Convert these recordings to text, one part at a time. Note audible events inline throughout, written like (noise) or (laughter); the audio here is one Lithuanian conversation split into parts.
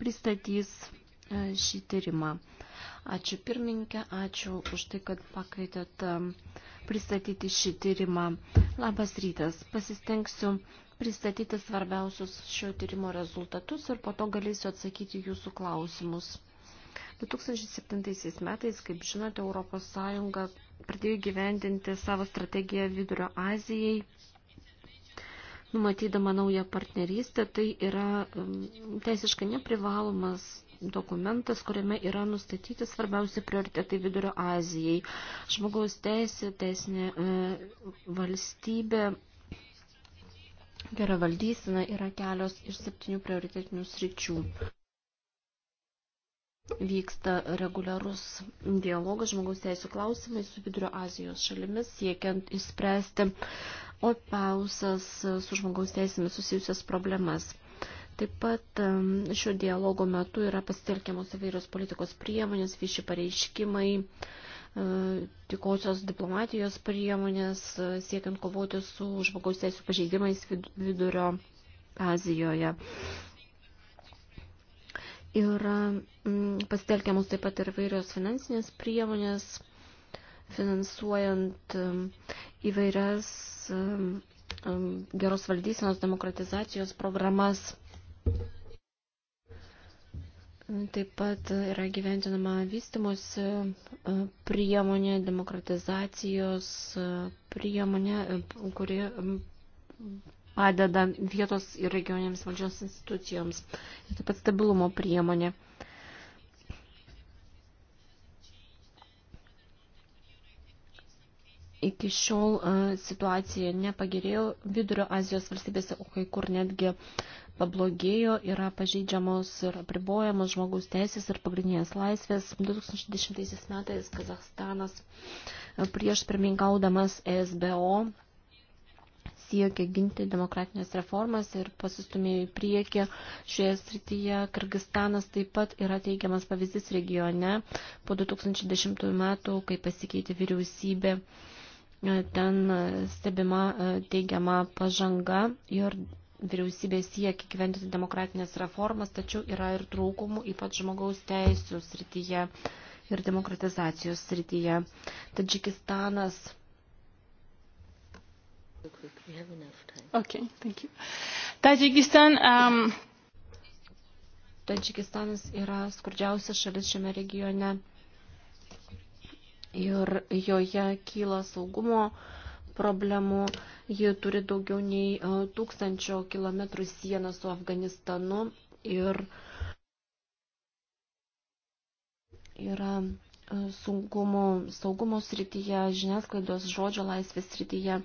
pristatys e, šį tyrimą. Ačiū pirmininkė, ačiū už tai, kad pakvietėt e, pristatyti šį tyrimą. Labas rytas, pasistengsiu pristatyti svarbiausius šio tyrimo rezultatus ir po to galėsiu atsakyti jūsų klausimus. 2007 metais, kaip žinote, ES pradėjo gyvendinti savo strategiją Vidurio Azijai numatydama naują partnerystę, tai yra um, teisiškai neprivalomas dokumentas, kuriame yra nustatyti svarbiausi prioritetai Vidurio Azijai. Žmogaus teisė, teisinė e, valstybė, gera valdysena yra kelios iš septynių prioritetinių sričių. Vyksta reguliarus dialogas žmogaus teisų klausimais su Vidurio Azijos šalimis, siekiant įspręsti opiausias su žmogaus teisėmis susijusias problemas. Taip pat šio dialogo metu yra pasitelkiamos įvairios politikos priemonės, vieši pareiškimai, e, tikosios diplomatijos priemonės, e, siekiant kovoti su žmogaus teisų pažeidimais vidurio Azijoje. Yra pasitelkiamos taip pat ir vairios finansinės priemonės finansuojant um, įvairias um, um, geros valdysenos demokratizacijos programas. Taip pat yra gyventinama vystimosi uh, priemonė, demokratizacijos uh, priemonė, uh, kuri padeda vietos ir regioniams valdžios institucijoms. Taip pat stabilumo priemonė. Iki šiol e, situacija nepagerėjo vidurio Azijos valstybėse, o kai kur netgi pablogėjo, yra pažeidžiamos ir apribojamos žmogaus teisės ir pagrindinės laisvės. 2010 metais Kazahstanas e, prieš pirmingaudamas ESBO siekia ginti demokratinės reformas ir pasistumėjo į priekį šioje srityje. Kirgistanas taip pat yra teigiamas pavyzdys regione po 2010 metų, kai pasikeitė vyriausybė. Ten stebima e, teigiama pažanga ir vyriausybė siekia gyventi demokratinės reformas, tačiau yra ir trūkumų, ypač žmogaus teisų srityje ir demokratizacijos srityje. Tadžikistanas. Okay, thank you. Tadžikistan, um... Tadžikistanas yra skurdžiausia šalis šiame regione ir joje kyla saugumo problemų. Ji turi daugiau nei e, tūkstančio kilometrų sieną su Afganistanu ir yra e, sunkumų saugumo srityje, žiniasklaidos žodžio laisvės srityje.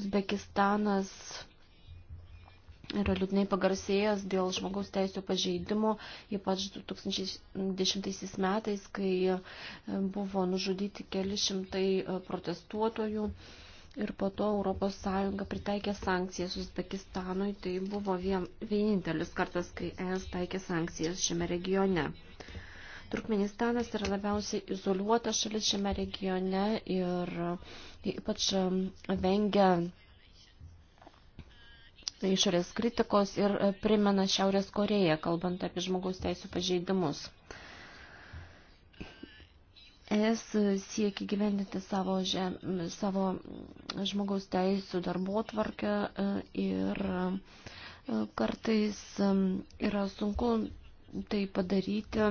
Uzbekistanas yra liūdnai pagarsėjęs dėl žmogaus teisų pažeidimų, ypač 2010 metais, kai e, buvo nužudyti keli šimtai e, protestuotojų. Ir po to ES pritaikė sankcijas Uzbekistanui. Tai buvo vien, vienintelis kartas, kai ES taikė sankcijas šiame regione. Turkmenistanas yra labiausiai izoliuota šalis šiame regione ir e, ypač vengia Tai išorės kritikos ir e, primena Šiaurės Koreją, kalbant apie žmogaus teisų pažeidimus. Es siekia gyvendinti savo, žem, savo žmogaus teisų darbo tvarkę e, ir e, kartais yra sunku tai padaryti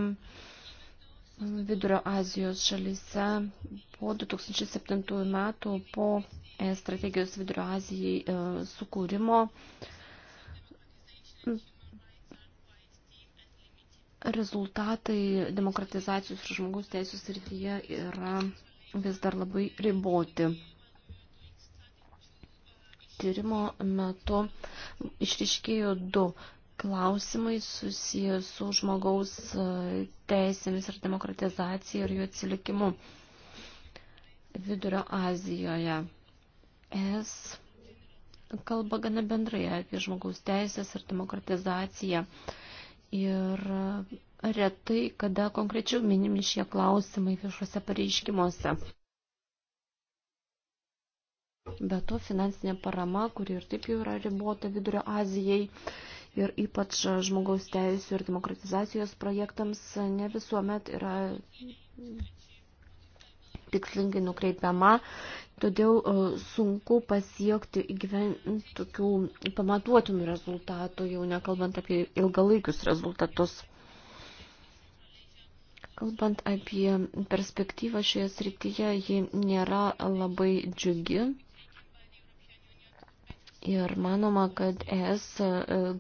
Vidurio Azijos šalyse po 2007 metų, po E, strategijos vidurio Azijai e, sukūrimo rezultatai demokratizacijos ir žmogaus teisų srityje yra vis dar labai riboti. Tyrimo metu išriškėjo du klausimai susijęs su žmogaus e, teisėmis ir demokratizacija ir jų atsilikimu Vidurio Azijoje es kalba gana bendrai apie žmogaus teisės ir demokratizaciją. Ir retai, kada konkrečiau minimi šie klausimai viešuose pareiškimuose. Be to, finansinė parama, kuri ir taip jau yra ribota Vidurio Azijai ir ypač žmogaus teisų ir demokratizacijos projektams, ne visuomet yra tikslingai nukreipiama, todėl e, sunku pasiekti įgyventi tokių pamatuotinų rezultatų, jau nekalbant apie ilgalaikius rezultatus. Kalbant apie perspektyvą šioje srityje, ji nėra labai džiugi. Ir manoma, kad ES e,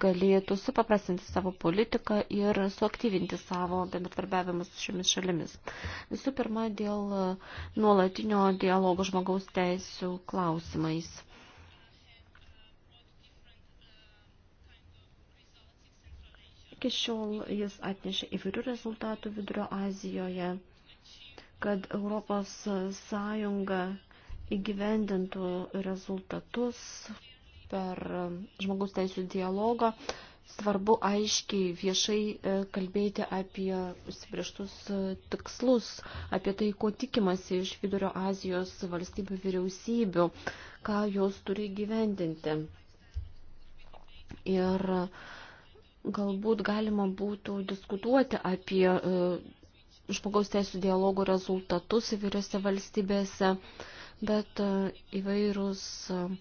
galėtų supaprastinti savo politiką ir suaktyvinti savo bendradarbiavimus su šiomis šalimis. Visų pirma, dėl e, nuolatinio dialogo žmogaus teisų klausimais. Iki šiol jis atnešė įvairių rezultatų Vidurio Azijoje, kad Europos Sąjunga įgyvendintų rezultatus, per e, žmogus teisų dialogą. Svarbu aiškiai viešai e, kalbėti apie užsibrieštus e, tikslus, apie tai, ko tikimasi iš Vidurio Azijos valstybių vyriausybių, ką jos turi gyvendinti. Ir galbūt galima būtų diskutuoti apie žmogaus teisų dialogo rezultatus įvairiose valstybėse, bet įvairūs uh,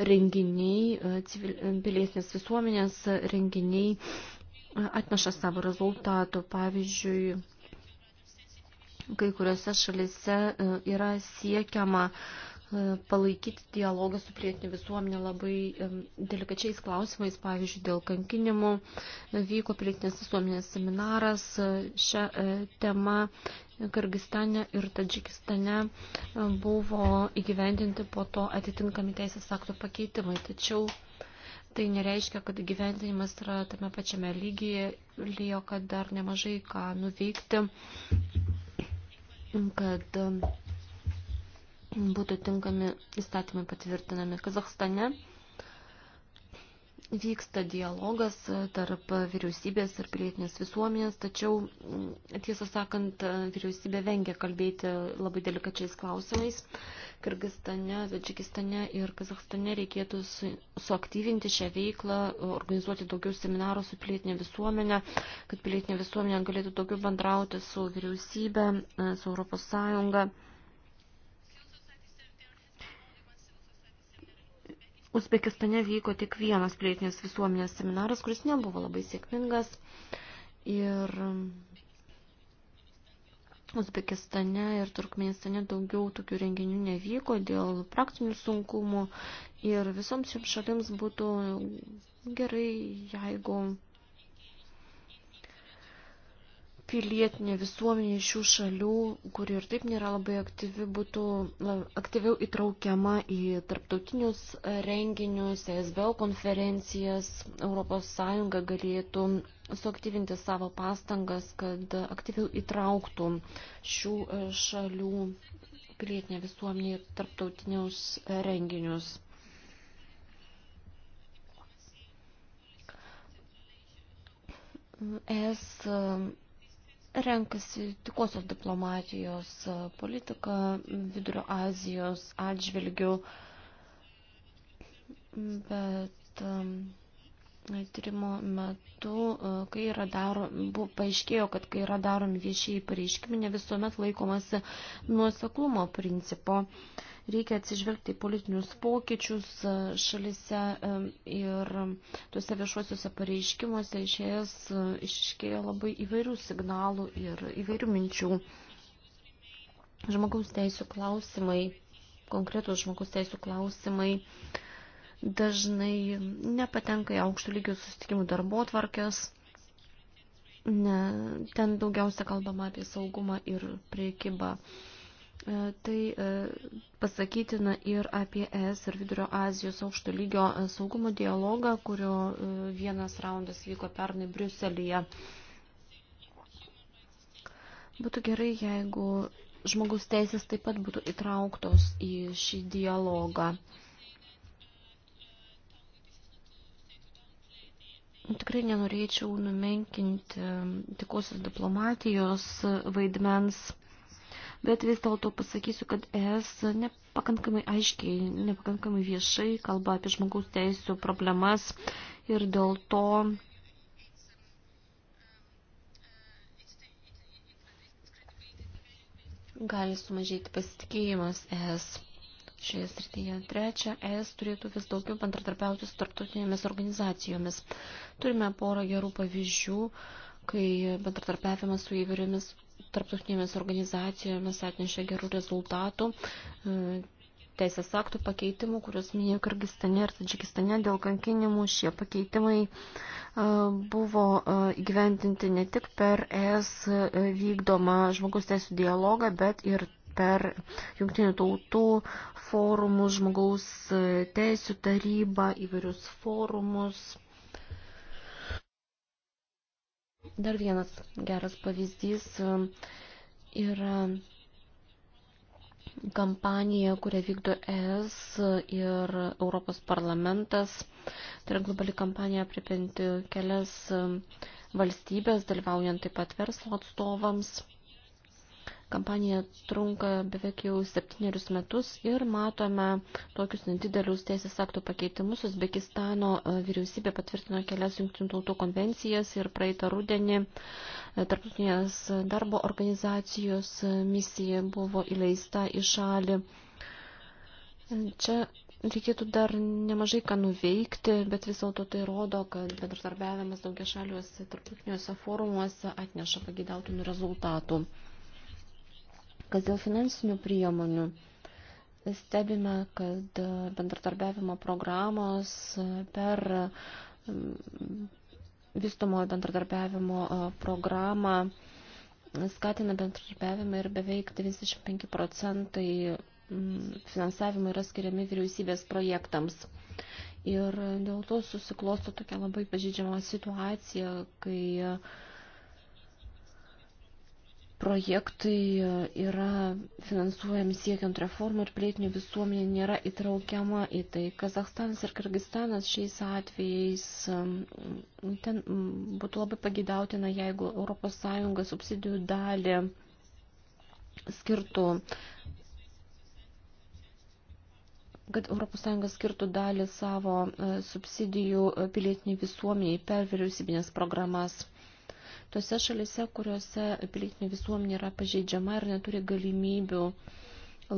renginiai, e, e, pilietinės visuomenės renginiai e, atneša savo rezultatų. Pavyzdžiui, kai kuriuose šalise yra siekiama uh, E, palaikyti dialogą su prietinė visuomenė labai e, delikačiais klausimais, pavyzdžiui, dėl kankinimų. Vyko prietinės visuomenės seminaras e, šią temą Kirgistane ir Tadžikistane buvo įgyvendinti po to atitinkami teisės aktų pakeitimai. Tačiau tai nereiškia, kad gyvendinimas yra tame pačiame lygyje, lėjo, kad dar nemažai ką nuveikti, kad būtų tinkami įstatymai patvirtinami. Kazahstane vyksta dialogas tarp vyriausybės ir pilietinės visuomenės, tačiau, mm, tiesą sakant, vyriausybė vengia kalbėti labai delikačiais klausimais. Kirgistane, Tadžikistane ir Kazahstane reikėtų su, suaktyvinti šią veiklą, organizuoti daugiau seminarų su pilietinė visuomenė, kad pilietinė visuomenė galėtų daugiau bendrauti su vyriausybė, su Europos Sąjunga. Uzbekistane vyko tik vienas plėtinės visuomenės seminaras, kuris nebuvo labai sėkmingas. Ir Uzbekistane ir Turkmenistane daugiau tokių renginių nevyko dėl praktinių sunkumų. Ir visoms šiems šalims būtų gerai, jeigu pilietinė visuomenė šių šalių, kuri ir taip nėra labai aktyvi, būtų aktyviau įtraukiama į tarptautinius e, renginius, ESBO konferencijas, ES galėtų suaktyvinti savo pastangas, kad aktyviau įtrauktų šių e, šalių pilietinė visuomenė į tarptautinius e, renginius. Es renkasi tikosios diplomatijos e, politiką Vidurio Azijos atžvilgių, bet tyrimo metu, e, kai yra daromi, paaiškėjo, kad kai yra daromi viešieji pareiškimai, ne visuomet laikomasi nuoseklumo principo. Reikia atsižvelgti į politinius pokyčius e, šalise e, ir tuose viešuosiuose pareiškimuose išėjęs išiškėjo labai įvairių signalų ir įvairių minčių. Žmogaus teisų klausimai, konkretus žmogaus teisų klausimai dažnai nepatenka į aukštų lygių susitikimų darbo tvarkės. Ne, ten daugiausia kalbama apie saugumą ir priekybą. E, tai e, pasakytina ir apie ES ir Vidurio Azijos aukšto lygio e, saugumo dialogą, kurio vienas raundas vyko pernai Briuselyje. Būtų gerai, jeigu žmogaus teisės taip pat būtų įtrauktos į šį dialogą. Nu, tikrai nenorėčiau numenkinti um, tikosios diplomatijos uh, vaidmens, bet vis dėlto pasakysiu, kad ES nepakankamai aiškiai, nepakankamai viešai kalba apie žmogaus teisų problemas ir dėl to gali sumažėti pasitikėjimas ES šioje srityje. Trečia, ES turėtų vis daugiau bendradarbiauti su tarptautinėmis organizacijomis. Turime porą gerų pavyzdžių, kai bendradarbiavimas su įvairiomis tarptautinėmis organizacijomis atnešė gerų rezultatų e, teisės aktų pakeitimų, kuriuos minėjau Kirgistane ir Tadžikistane dėl kankinimų. Šie pakeitimai e, buvo e, įgyventinti ne tik per ES vykdomą žmogus teisų dialogą, bet ir per jungtinių tautų forumus, žmogaus teisų tarybą, įvairius forumus. Dar vienas geras pavyzdys e, yra kampanija, kurią vykdo ES ir Europos parlamentas. Tai yra globali kampanija apripinti kelias e, valstybės, dalyvaujant taip pat verslo atstovams. Kampanija trunka beveik jau septynerius metus ir matome tokius nedidelius teisės aktų pakeitimus. Uzbekistano e, vyriausybė patvirtino kelias jungtinių tautų konvencijas ir praeitą rudenį e, tarptautinės darbo organizacijos e, misija buvo įleista į šalį. Čia reikėtų dar nemažai ką nuveikti, bet vis dėlto tai rodo, kad bendradarbiavimas daugia šaliuose tarptautiniuose forumuose atneša pagidautinų rezultatų. Kas dėl finansinių priemonių, stebime, kad e, bendradarbiavimo programos e, per mm, vystomojo bendradarbiavimo e, programą skatina bendradarbiavimą ir beveik 95 procentai mm, finansavimo yra skiriami vyriausybės projektams. Ir dėl to susiklosto tokia labai pažydžiama situacija, kai projektai e, yra finansuojami siekiant reformų ir plėtinių visuomenė nėra įtraukiama į tai. Kazahstanas ir Kirgistanas šiais atvejais, e, ten būtų labai pagidautina, jeigu ES subsidijų dalį skirtų kad ES skirtų dalį savo e, subsidijų pilietiniai visuomeniai per vyriausybinės programas. Tose šalise, kuriuose pilietinė visuomenė yra pažeidžiama ir neturi galimybių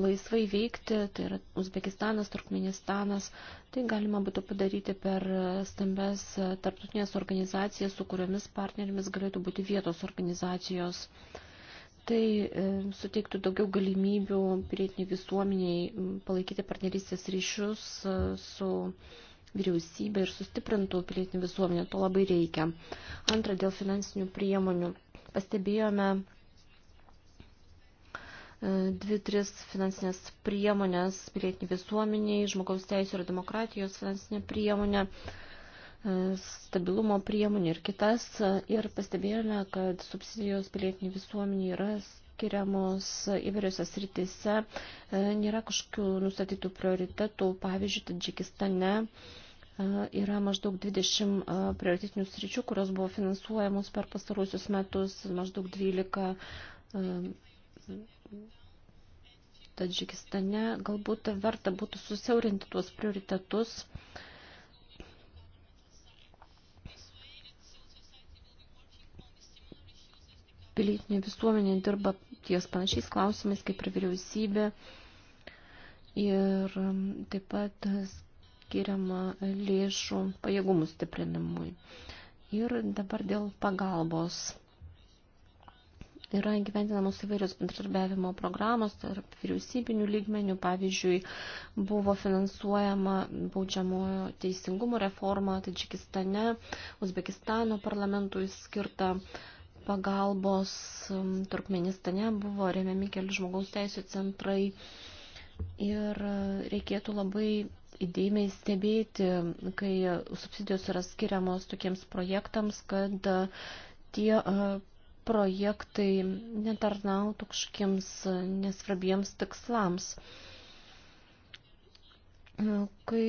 laisvai veikti, tai yra Uzbekistanas, Turkmenistanas, tai galima būtų padaryti per stambes tarptautinės organizacijas, su kuriomis partnerėmis galėtų būti vietos organizacijos. Tai e, suteiktų daugiau galimybių pilietiniai visuomeniai palaikyti partnerystės ryšius e, su vyriausybę ir sustiprintų pilietinį visuomenę. To labai reikia. Antra, dėl finansinių priemonių. Pastebėjome e, dvi, tris finansinės priemonės pilietinį visuomeniai, žmogaus teisų ir demokratijos finansinė priemonė, e, stabilumo priemonė ir kitas. Ir pastebėjome, kad subsidijos pilietinį visuomenį yra skiriamos įvairiose sritise, e, nėra kažkokių nustatytų prioritetų, pavyzdžiui, Tadžikistane. Tai yra maždaug 20 prioritetinių sričių, kurios buvo finansuojamos per pastarusius metus, maždaug 12 Tadžikistane. Galbūt verta būtų susiaurinti tuos prioritetus. Pilietinė visuomenė dirba ties panašiais klausimais kaip ir vyriausybė. Ir taip pat skiriama lėšų pajėgumų stiprinimui. Ir dabar dėl pagalbos. Yra gyventinamos įvairios bendradarbiavimo programos tarp vyriausybinių lygmenių. Pavyzdžiui, buvo finansuojama baudžiamojo teisingumo reforma Tadžikistane, Uzbekistano parlamentui skirta pagalbos Turkmenistane buvo remiami keli žmogaus teisų centrai ir reikėtų labai įdėmiai stebėti, kai subsidijos yra skiriamos tokiems projektams, kad e, tie e, projektai netarnautų kažkiems nesvarbiems tikslams. E, kai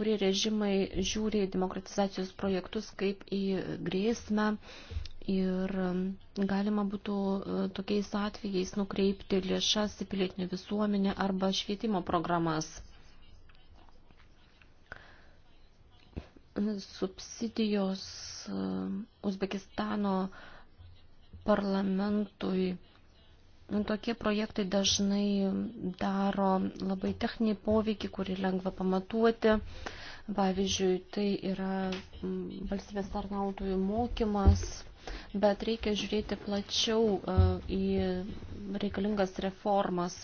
kurie režimai žiūri demokratizacijos projektus kaip į grėsmę, ir galima būtų tokiais atvejais nukreipti lėšas į pilietinę visuomenę arba švietimo programas. subsidijos e, Uzbekistano parlamentui. Nu, tokie projektai dažnai daro labai techninį poveikį, kurį lengva pamatuoti. Pavyzdžiui, tai yra valstybės tarnautojų mokymas, bet reikia žiūrėti plačiau e, į reikalingas reformas.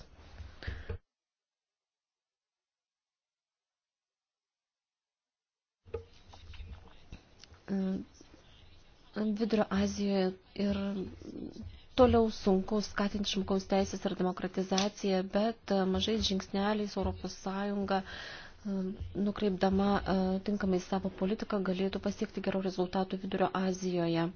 E, Vidurio Azijoje ir toliau sunku skatinti žmogaus teisės ir demokratizaciją, bet e, mažais žingsneliais Europos Sąjunga e, nukreipdama tinkamai savo politiką galėtų pasiekti gerų rezultatų Vidurio Azijoje.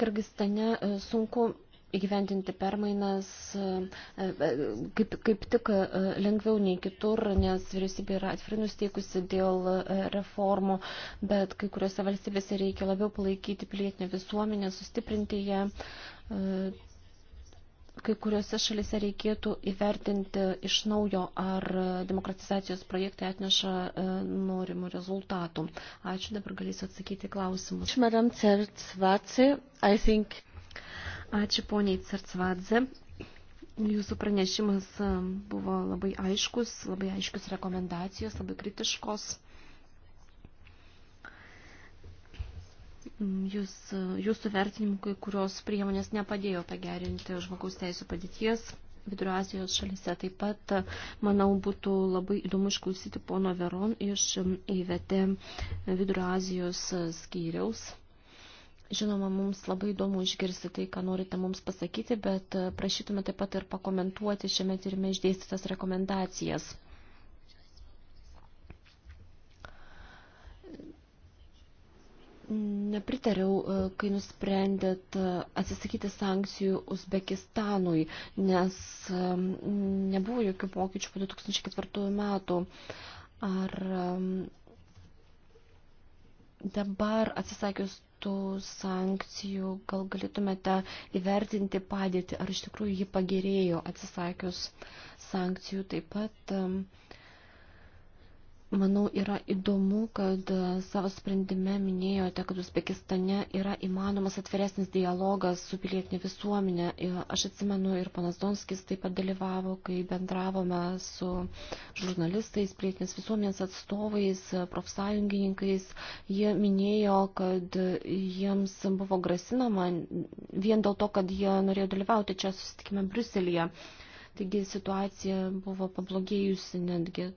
Kirgistane sunku įgyventinti permainas e, e, kaip, kaip tik e, lengviau nei kitur, nes vyriausybė yra atvirai nusteikusi dėl reformų, bet kai kuriuose valstybėse reikia labiau palaikyti pilietinę visuomenę, sustiprinti ją. Kai kuriuose šalise reikėtų įvertinti iš naujo, ar demokratizacijos projektai atneša norimų rezultatų. Ačiū, dabar galėsiu atsakyti klausimus. Madam Cerc, I think Ačiū poniai Cercvadze. Jūsų pranešimas e, buvo labai aiškus, labai aiškius rekomendacijos, labai kritiškos. Mm, jūs, e, jūsų vertinimui, kurios priemonės nepadėjo pagerinti žmogaus teisų padėties Vidurio Azijos šalise. Taip pat, e, manau, būtų labai įdomu išklausyti pono Veron iš įvetę Vidurio Azijos skyriaus. Žinoma, mums labai įdomu išgirsti tai, ką norite mums pasakyti, bet e, prašytume taip pat ir pakomentuoti šiame tyrime išdėstytas rekomendacijas. Nepritariau, e, kai nusprendėt e, atsisakyti sankcijų Uzbekistanui, nes nebuvo jokių pokyčių po 2004 metų. Ar dabar atsisakius tų sankcijų, gal galėtumėte įvertinti padėtį, ar iš tikrųjų ji pagerėjo atsisakius sankcijų. Taip pat um, Manau, yra įdomu, kad e, savo sprendime minėjote, kad Uzbekistane yra įmanomas atviresnis dialogas su pilietinė visuomenė. E, aš atsimenu ir panas Donskis taip pat dalyvavo, kai bendravome su žurnalistais, pilietinės visuomenės atstovais, e, profsąjungininkais. Jie minėjo, kad jiems buvo grasinama vien dėl to, kad jie norėjo dalyvauti čia susitikime Bruselėje. Taigi situacija buvo pablogėjusi netgi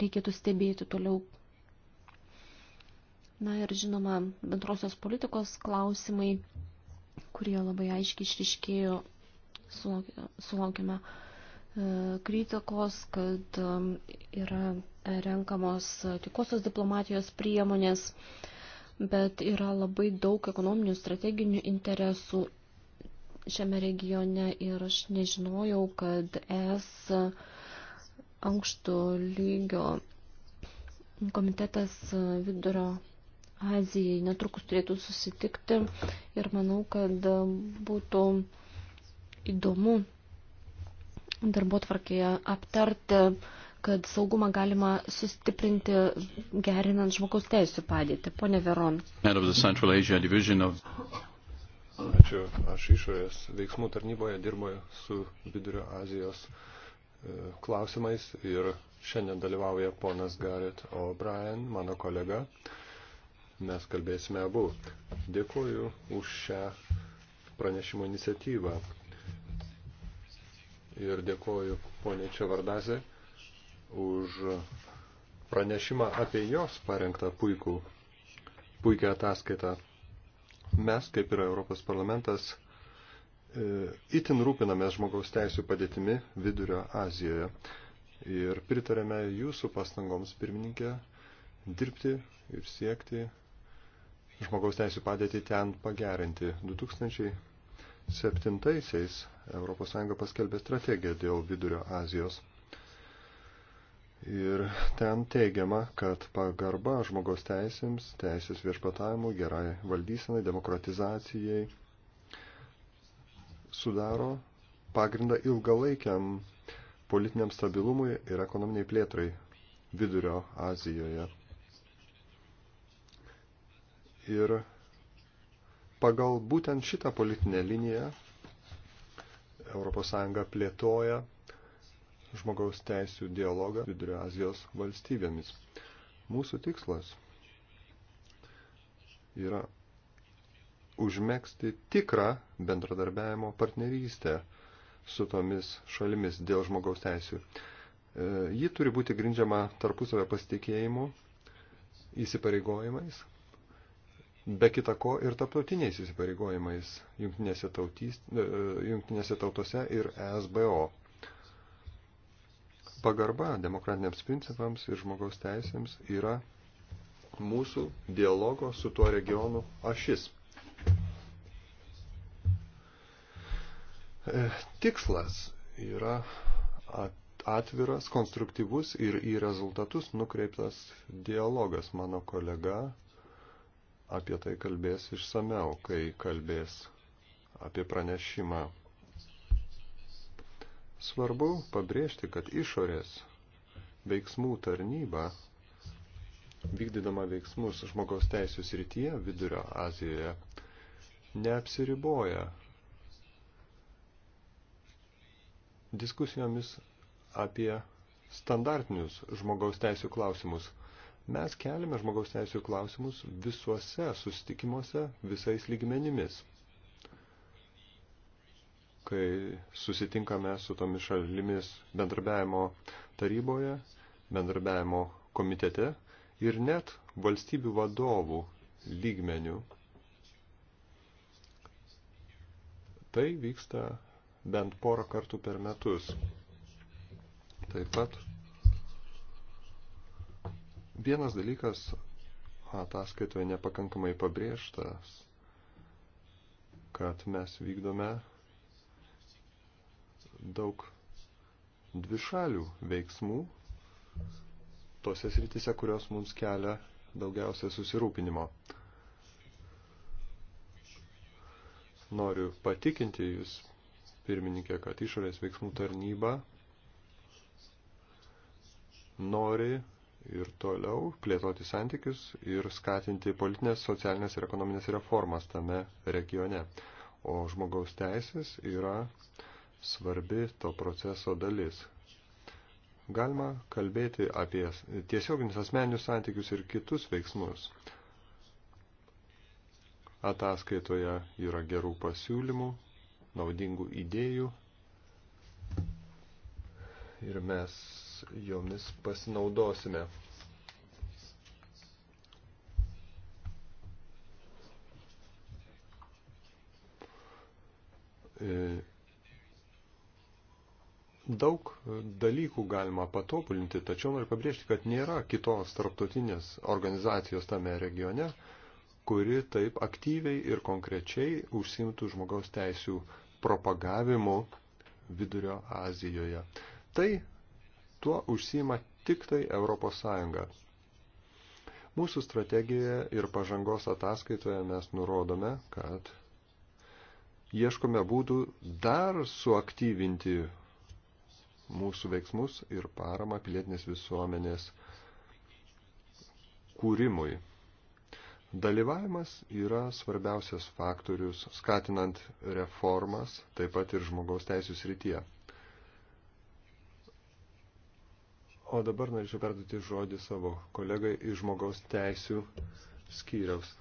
reikėtų stebėti toliau. Na ir žinoma, bendrosios politikos klausimai, kurie labai aiškiai išriškėjo, sulaukime e, kritikos, kad e, yra renkamos tikosios diplomatijos priemonės, bet yra labai daug ekonominių strateginių interesų šiame regione ir aš nežinojau, kad es aukšto lygio komitetas e, vidurio Azijai netrukus turėtų susitikti ir manau, kad būtų įdomu darbo tvarkėje aptarti, kad saugumą galima sustiprinti gerinant žmogaus teisų padėtį. Pone Veron. Ačiū. Aš išorės veiksmų tarnyboje dirbu su Vidurio Azijos uh, E, klausimais ir šiandien dalyvauja ponas Garrett O'Brien, mano kolega. Mes kalbėsime abu. Dėkuoju už šią pranešimo iniciatyvą. Ir dėkuoju ponė Čevardazė už pranešimą apie jos parengtą puikų, puikią ataskaitą. Mes, kaip ir Europos parlamentas, Įtin e, rūpinamės žmogaus teisų padėtimi Vidurio Azijoje ir pritarėme jūsų pastangoms, pirmininkė, dirbti ir siekti žmogaus teisų padėtį ten pagerinti. 2007-aisiais ES paskelbė strategiją dėl Vidurio Azijos. Ir ten teigiama, kad pagarba žmogaus teisėms, teisės viešpatavimui, gerai valdysenai, demokratizacijai, sudaro pagrindą ilgalaikiam politiniam stabilumui ir ekonominiai plėtrai vidurio Azijoje. Ir pagal būtent šitą politinę liniją ES plėtoja žmogaus teisų dialogą Vidurio Azijos valstybėmis. Mūsų tikslas yra užmėgsti tikrą bendradarbiavimo partnerystę su tomis šalimis dėl žmogaus teisių. E, ji turi būti grindžiama tarpusavio pasitikėjimu, įsipareigojimais, be kita ko ir tarptautiniais įsipareigojimais jungtinėse, tautys, e, jungtinėse tautose ir ESBO. Pagarba demokratiniams principams ir žmogaus teisėms yra mūsų dialogo su tuo regionu ašis. E, tikslas yra atviras, konstruktyvus ir į rezultatus nukreiptas dialogas. Mano kolega apie tai kalbės išsameu, kai kalbės apie pranešimą. Svarbu pabrėžti, kad išorės veiksmų tarnyba, vykdydama veiksmus žmogaus teisų srityje Vidurio Azijoje, neapsiriboja diskusijomis apie standartinius žmogaus teisų klausimus. Mes keliame žmogaus teisų klausimus visuose susitikimuose visais lygmenimis. Kai susitinkame su tomis šalimis bendrabiavimo taryboje, bendrabiavimo komitete ir net valstybių vadovų lygmenių. Tai vyksta bent porą kartų per metus. Taip pat vienas dalykas ataskaitoje nepakankamai pabrėžtas, kad mes vykdome daug dvišalių veiksmų tose sritise, kurios mums kelia daugiausia susirūpinimo. Noriu patikinti Jūs pirmininkė, kad išorės veiksmų tarnyba nori ir toliau plėtoti santykius ir skatinti politinės, socialinės ir ekonominės reformas tame regione. O žmogaus teisės yra svarbi to proceso dalis. Galima kalbėti apie tiesioginius asmeninius santykius ir kitus veiksmus. Ataskaitoje yra gerų pasiūlymų, naudingų idėjų ir mes jomis pasinaudosime. E, daug dalykų galima patobulinti, tačiau noriu pabrėžti, kad nėra kitos tarptautinės organizacijos tame regione, kuri taip aktyviai ir konkrečiai užsimtų žmogaus teisių propagavimu Vidurio Azijoje. Tai tuo užsima tik tai Europos Sąjunga. Mūsų strategijoje ir pažangos ataskaitoje mes nurodome, kad ieškome būdų dar suaktyvinti mūsų veiksmus ir paramą pilietinės visuomenės kūrimui. Dalyvavimas yra svarbiausias faktorius skatinant reformas, taip pat ir žmogaus teisų srityje. O dabar norėčiau perduoti žodį savo kolegai iš žmogaus teisų skyriaus.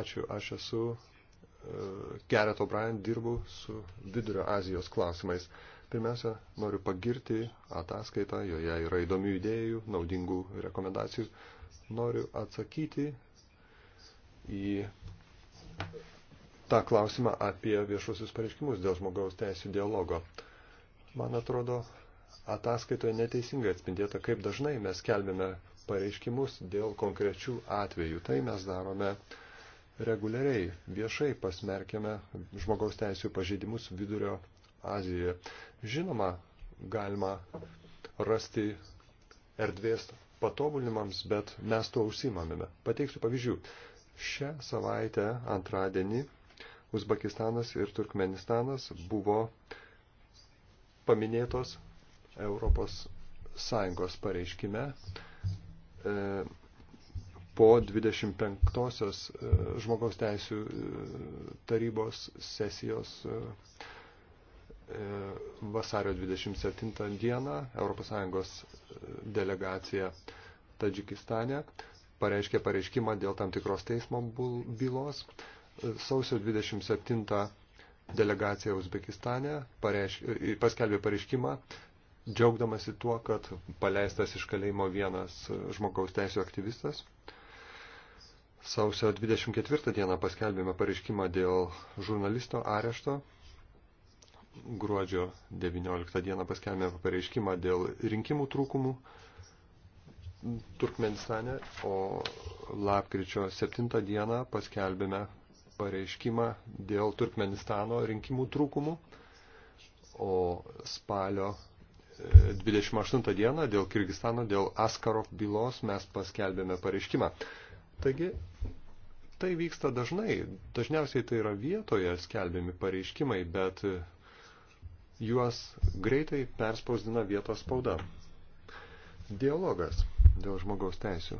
Ačiū, aš esu e, Gerrit O'Brien, dirbu su Vidurio Azijos klausimais. Pirmiausia, noriu pagirti ataskaitą, joje yra įdomių idėjų, naudingų rekomendacijų. Noriu atsakyti į tą klausimą apie viešusius pareiškimus dėl žmogaus teisų dialogo. Man atrodo, ataskaitoje neteisingai atspindėta, kaip dažnai mes kelbėme pareiškimus dėl konkrečių atvejų. Tai mes darome reguliariai, viešai pasmerkėme žmogaus teisų pažeidimus vidurio Azijoje. Žinoma, galima rasti erdvės patobulinimams, bet mes tuo užsimamėme. Pateiksiu pavyzdžių. Šią savaitę antradienį Uzbekistanas ir Turkmenistanas buvo paminėtos Europos Sąjungos pareiškime e, po 25-osios e, žmogaus teisų e, tarybos sesijos vasario 27 dieną Europos Sąjungos delegacija Tadžikistane pareiškė pareiškimą dėl tam tikros teismo bylos. Sausio 27 delegacija Uzbekistane pareiš, paskelbė pareiškimą, džiaugdamasi tuo, kad paleistas iš kalėjimo vienas žmogaus teisų aktyvistas. Sausio 24 dieną paskelbėme pareiškimą dėl žurnalisto arešto. Gruodžio 19 dieną paskelbėme pareiškimą dėl rinkimų trūkumų Turkmenistane, o lapkričio 7 dieną paskelbėme pareiškimą dėl Turkmenistano rinkimų trūkumų, o spalio 28 e, dieną dėl Kirgistano, dėl Askarov bylos mes paskelbėme pareiškimą. Taigi, tai vyksta dažnai. Dažniausiai tai yra vietoje skelbiami pareiškimai, bet juos greitai perspausdina vietos spauda. Dialogas dėl žmogaus teisų.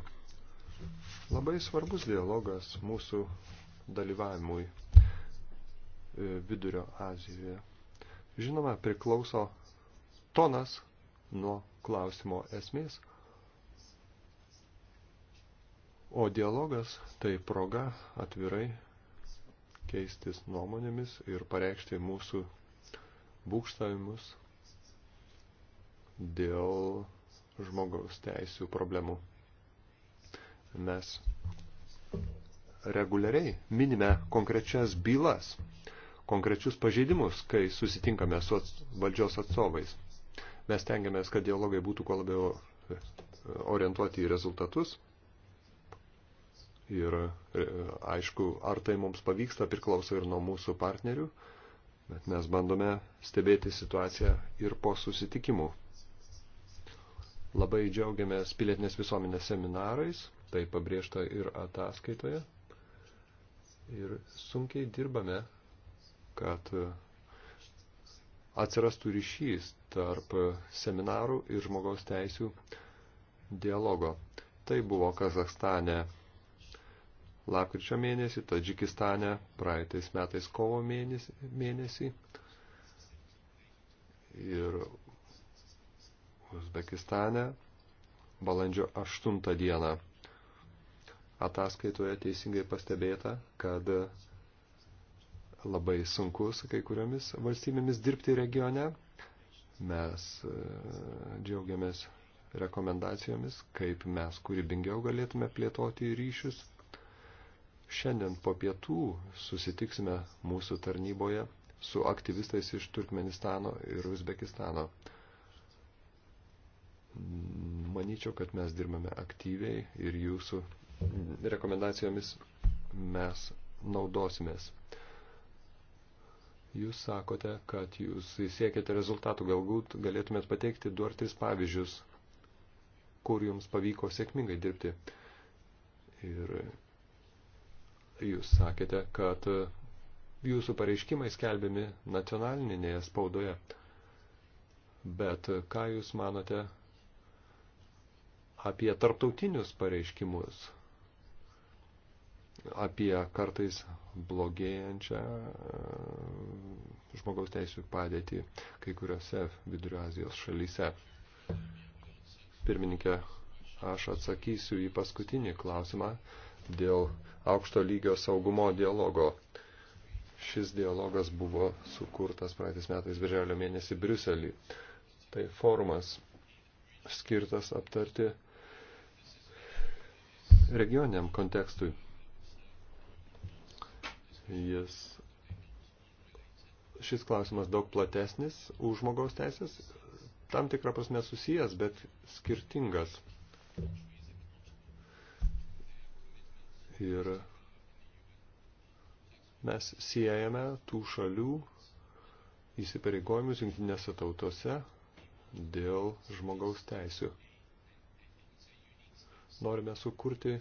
Labai svarbus dialogas mūsų dalyvavimui e, Vidurio Azijoje. Žinoma, priklauso tonas nuo klausimo esmės, o dialogas tai proga atvirai keistis nuomonėmis ir pareikšti mūsų būkštavimus dėl žmogaus teisų problemų. Mes reguliariai minime konkrečias bylas, konkrečius pažeidimus, kai susitinkame su valdžios atstovais. Mes tengiamės, kad dialogai būtų kuo labiau e, orientuoti į rezultatus. Ir e, aišku, ar tai mums pavyksta, priklauso ir nuo mūsų partnerių, bet mes bandome stebėti situaciją ir po susitikimų. Labai džiaugiamės pilietinės visuomenės seminarais, tai pabrėžta ir ataskaitoje. Ir sunkiai dirbame, kad atsirastų ryšys tarp seminarų ir žmogaus teisių dialogo. Tai buvo Kazakstane lapkričio mėnesį, Tadžikistane praeitais metais kovo mėnesį. mėnesį. Ir Uzbekistane balandžio 8 dieną. Ataskaitoje teisingai pastebėta, kad labai sunku su kai kuriomis valstybėmis dirbti regione. Mes e, džiaugiamės rekomendacijomis, kaip mes kūrybingiau galėtume plėtoti ryšius. Šiandien po pietų susitiksime mūsų tarnyboje su aktyvistais iš Turkmenistano ir Uzbekistano. Manyčiau, kad mes dirbame aktyviai ir jūsų rekomendacijomis mes naudosimės. Jūs sakote, kad jūs siekėte rezultatų, galbūt galėtumėt pateikti du ar tris pavyzdžius, kur jums pavyko sėkmingai dirbti. Ir jūs sakėte, kad jūsų pareiškimai skelbiami nacionalinėje spaudoje. Bet ką jūs manote apie tarptautinius pareiškimus, apie kartais blogėjančią e, žmogaus teisų padėtį kai kuriuose Vidurio Azijos šalyse. Pirmininkė, aš atsakysiu į paskutinį klausimą dėl aukšto lygio saugumo dialogo. Šis dialogas buvo sukurtas praeitais metais birželio mėnesį Briuselį. Tai forumas skirtas aptarti regioniniam kontekstui. Jis, šis klausimas daug platesnis už žmogaus teisės, tam tikrą prasme susijęs, bet skirtingas. Ir mes siejame tų šalių įsipareigojimus jungtinėse tautose dėl žmogaus teisių. Norime sukurti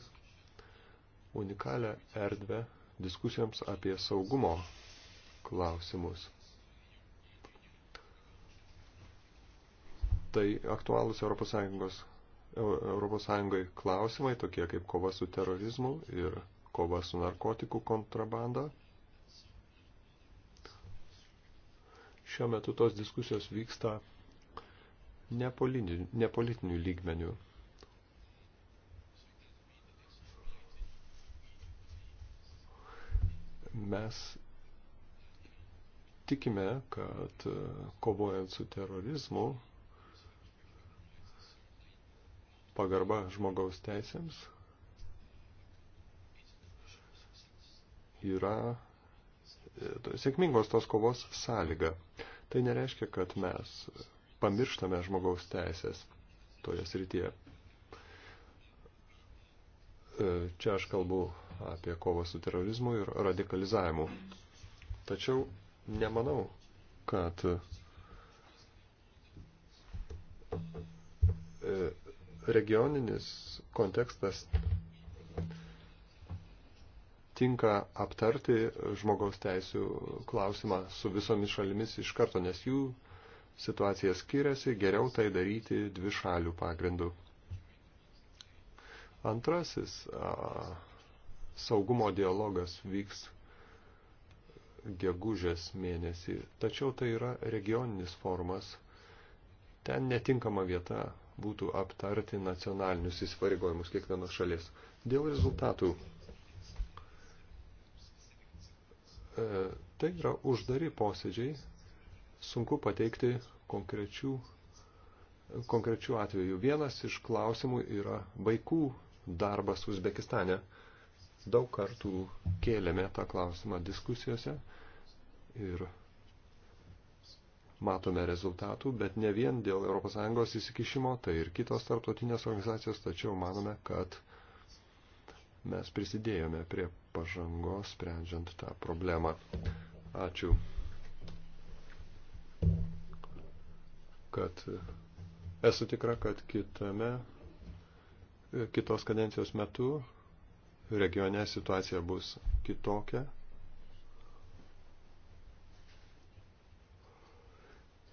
unikalią erdvę diskusijoms apie saugumo klausimus. Tai aktualūs ES, ES klausimai, tokie kaip kova su terorizmu ir kova su narkotikų kontrabanda. Šiuo metu tos diskusijos vyksta nepolitinių, nepolitinių lygmenių. mes tikime, kad e, kovojant su terorizmu pagarba žmogaus teisėms yra e, sėkmingos tos kovos sąlyga. Tai nereiškia, kad mes pamirštame žmogaus teisės toje srityje. E, čia aš kalbu apie kovą su terorizmu ir radikalizavimu. Tačiau nemanau, kad e, regioninis kontekstas tinka aptarti žmogaus teisų klausimą su visomis šalimis iš karto, nes jų situacija skiriasi, geriau tai daryti dvi šalių pagrindų. Antrasis saugumo dialogas vyks gegužės mėnesį. Tačiau tai yra regioninis formas. Ten netinkama vieta būtų aptarti nacionalinius įsipareigojimus kiekvienos šalies. Dėl rezultatų. E, tai yra uždari posėdžiai. Sunku pateikti konkrečių, konkrečių atvejų. Vienas iš klausimų yra vaikų darbas Uzbekistane. Daug kartų kėlėme tą klausimą diskusijose ir matome rezultatų, bet ne vien dėl ES įsikišimo, tai ir kitos tarptautinės organizacijos, tačiau manome, kad mes prisidėjome prie pažangos sprendžiant tą problemą. Ačiū, kad esu tikra, kad kitame, kitos kadencijos metu regione situacija bus kitokia.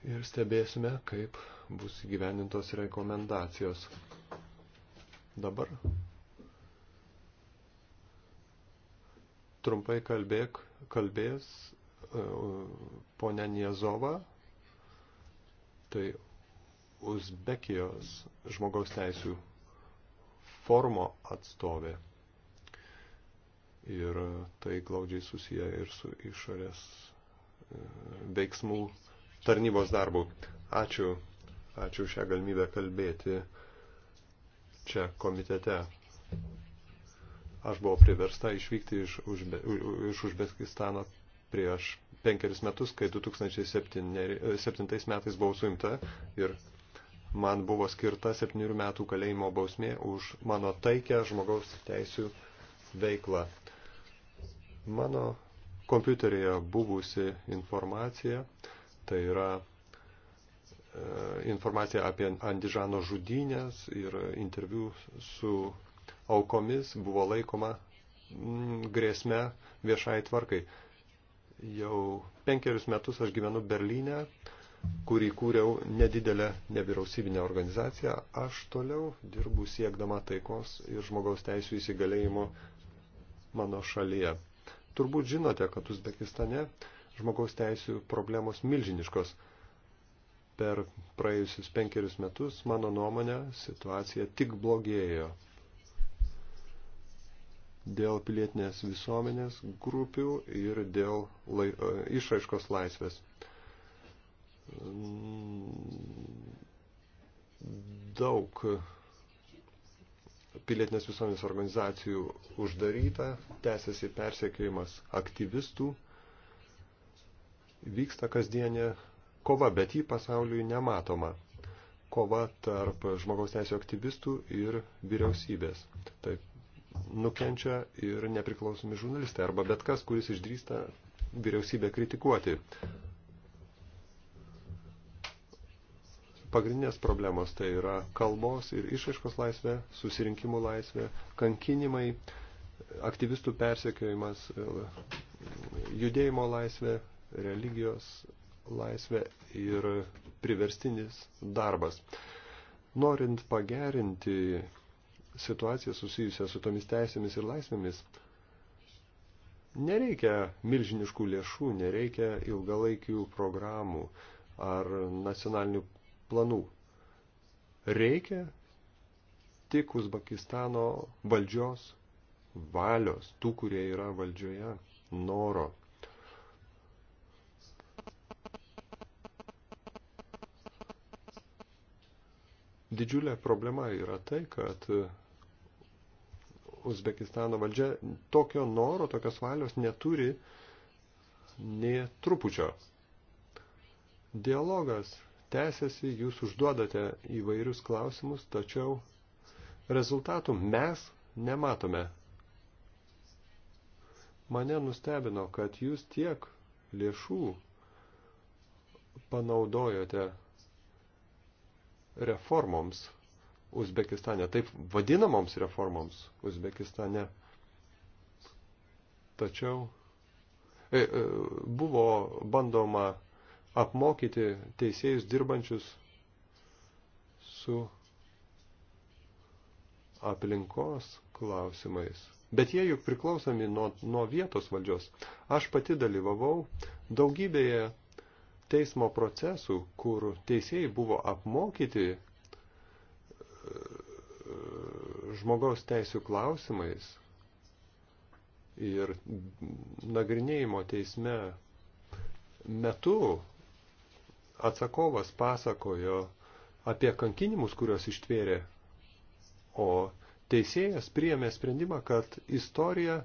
Ir stebėsime, kaip bus gyvenintos rekomendacijos. Dabar trumpai kalbėk, kalbės e, ponia Niezova, tai Uzbekijos žmogaus teisų forumo atstovė ir tai glaudžiai susiję ir su išorės e, veiksmų tarnybos darbu. Ačiū, ačiū šią galimybę kalbėti čia komitete. Aš buvau priversta išvykti iš, Užbe, iš Užbekistano prieš penkeris metus, kai 2007 e, metais buvau suimta ir man buvo skirta septynių metų kalėjimo bausmė už mano taikę žmogaus teisių veiklą. Mano kompiuteryje buvusi informacija, tai yra e, informacija apie Andižano žudynės ir interviu su aukomis buvo laikoma mm, grėsme viešai tvarkai. Jau penkerius metus aš gyvenu Berlyne, kurį kūriau nedidelę nevyriausybinę organizaciją. Aš toliau dirbu siekdama taikos ir žmogaus teisų įsigalėjimo mano šalyje. Turbūt žinote, kad Uzbekistane žmogaus teisų problemos milžiniškos. Per praėjusius penkerius metus, mano nuomonė, situacija tik blogėjo. Dėl pilietinės visuomenės grupių ir dėl lai, e, išraiškos laisvės. Daug pilietinės visuomenės organizacijų uždaryta, tęsiasi persiekėjimas aktyvistų, vyksta kasdienė kova, bet jį pasauliui nematoma. Kova tarp žmogaus teisų aktyvistų ir vyriausybės. Taip, nukenčia ir nepriklausomi žurnalistai arba bet kas, kuris išdrįsta vyriausybę kritikuoti. pagrindinės problemos tai yra kalbos ir išaiškos laisvė, susirinkimų laisvė, kankinimai, aktyvistų persekiojimas, judėjimo laisvė, religijos laisvė ir priverstinis darbas. Norint pagerinti situaciją susijusią su tomis teisėmis ir laisvėmis, nereikia milžiniškų lėšų, nereikia ilgalaikių programų ar nacionalinių planų. Reikia tik Uzbekistano valdžios valios, tų, kurie yra valdžioje, noro. Didžiulė problema yra tai, kad Uzbekistano valdžia tokio noro, tokios valios neturi nė trupučio. Dialogas tęsiasi, jūs užduodate įvairius klausimus, tačiau rezultatų mes nematome. Mane nustebino, kad jūs tiek lėšų panaudojote reformoms Uzbekistane, taip vadinamoms reformoms Uzbekistane. Tačiau e, e, buvo bandoma apmokyti teisėjus dirbančius su aplinkos klausimais. Bet jie juk priklausomi nuo, nuo vietos valdžios. Aš pati dalyvavau daugybėje teismo procesų, kur teisėjai buvo apmokyti e, žmogaus teisų klausimais ir nagrinėjimo teisme metu atsakovas pasakojo apie kankinimus, kuriuos ištvėrė, o teisėjas priėmė sprendimą, kad istorija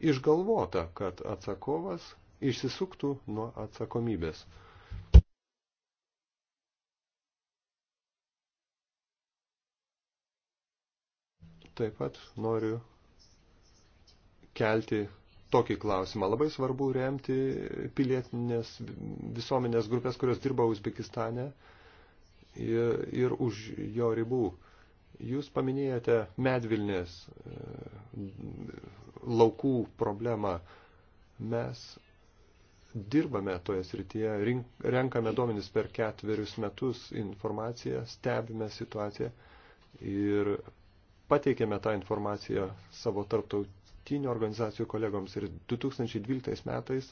išgalvota, kad atsakovas išsisuktų nuo atsakomybės. Taip pat noriu kelti tokį klausimą. Labai svarbu remti pilietinės visuomenės grupės, kurios dirba Uzbekistane ir, ir už jo ribų. Jūs paminėjote medvilnės e, laukų problemą. Mes dirbame toje srityje, rink, renkame duomenis per ketverius metus informaciją, stebime situaciją ir pateikėme tą informaciją savo tarptautį tarptautinių organizacijų kolegoms ir 2012 metais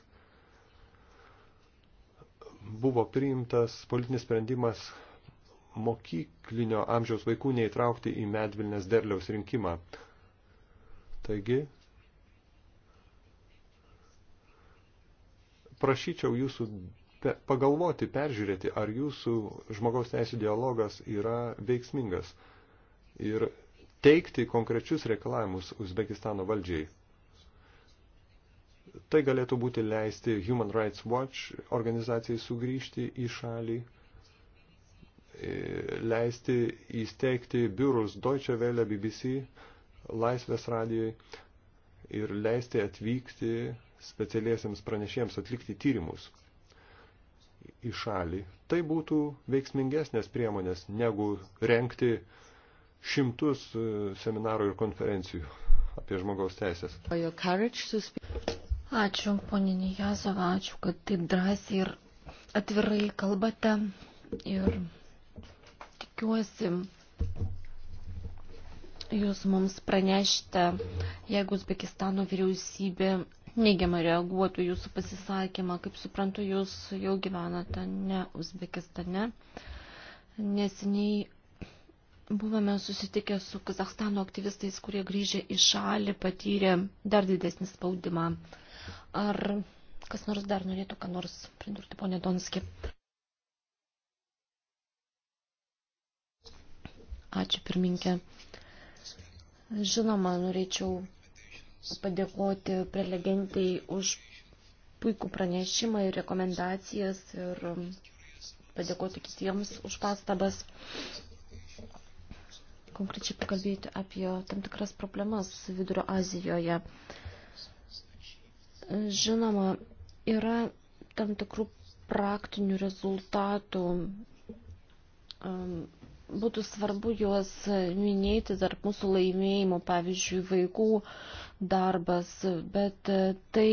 buvo priimtas politinis sprendimas mokyklinio amžiaus vaikų neįtraukti į medvilnės derliaus rinkimą. Taigi, prašyčiau jūsų pagalvoti, peržiūrėti, ar jūsų žmogaus teisų dialogas yra veiksmingas. Ir teikti konkrečius reikalavimus Uzbekistano valdžiai. Tai galėtų būti leisti Human Rights Watch organizacijai sugrįžti į šalį, e, leisti įsteigti biurus Deutsche Welle, BBC, Laisvės radijai ir leisti atvykti specialiesiams pranešėjams atlikti tyrimus į šalį. Tai būtų veiksmingesnės priemonės negu renkti uh, šimtus e, seminarų ir konferencijų apie žmogaus teisės. Ačiū, poninė Jazova, ačiū, kad taip drąsiai ir atvirai kalbate ir tikiuosi, jūs mums pranešite, jeigu Uzbekistano vyriausybė neigiamai reaguotų jūsų pasisakymą, kaip suprantu, jūs jau gyvenate ne Uzbekistane. Nesiniai Buvome susitikę su Kazakstano aktyvistais, kurie grįžę į šalį patyrė dar didesnį spaudimą. Ar kas nors dar norėtų, ką nors pridurti, ponė Donski? Ačiū, pirminkė. Žinoma, norėčiau padėkoti prelegentai už puikų pranešimą ir rekomendacijas ir padėkoti kitiems už pastabas konkrečiai pakalbėti apie tam tikras problemas Vidurio Azijoje. Žinoma, yra tam tikrų praktinių rezultatų. Būtų svarbu juos minėti tarp mūsų laimėjimų, pavyzdžiui, vaikų darbas, bet tai